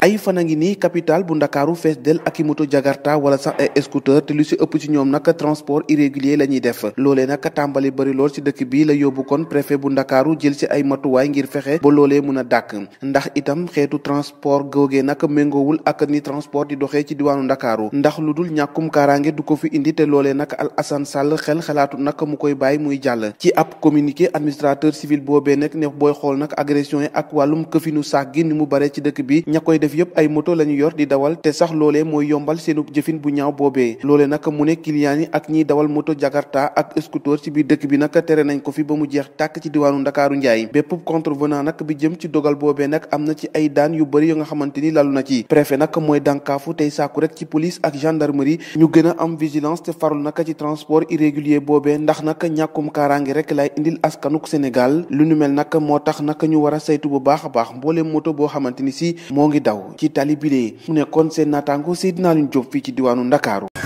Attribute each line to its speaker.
Speaker 1: ay fan a ngi nii capital bu ndakaaru fees del ak i moto jakarta wala sax ay scooter te lu si ëpp ci ñoom nag transport irrégulier la ñuy def loolee nag tàmbali bari lool ci dëkk bi la yóbbu kon préfet bu ndakaaru jël si ay matuwaay ngir fexe ba loolee mën a dàkk ndax itam xeetu transport googee nag méngoowul ak ni transport di doxee ci diwaanu ndakaaru ndax lu dul ñàkkum kaaraange du ko fi indi te loolee nag al asan sàll xel xalaatu nag mu koy bàyyi muy jàll ci ab communiqué administrateur civil boobee nag ne booy xool nag agression ak wàllum këfinu saak gi mu bare ci dëkk bi def yëpp ay moto la ñu yor di dawal te sax loolee mooy yombal seenu jëfin bu ñaaw boobee loole nag mu ne client ak ñiy dawal moto jakarta ak scooter ci biir dëkk bi nag tere nañ ko fi ba mu jeex tàkk ci diwaanu ndakaaru njaay bépp contrevenant nag bi jëm ci dogal boobee nag am na ci ay daan yu bëri yo nga xamante ni lalu na ci préfet nag mooy dànkaafu tey sàkku rek ci police ak gendarmerie ñu gën a am vigilance te farlu naka ci transport irrégulier boobee ndax lu nu mel nag moo tax naka ñu war a bu baax a baax mbooleem boo xamante ni si taxaw ci tali bile mu nekkoon seen naataango Seydina Alioune Diop fii ci diwaanu Ndakaaru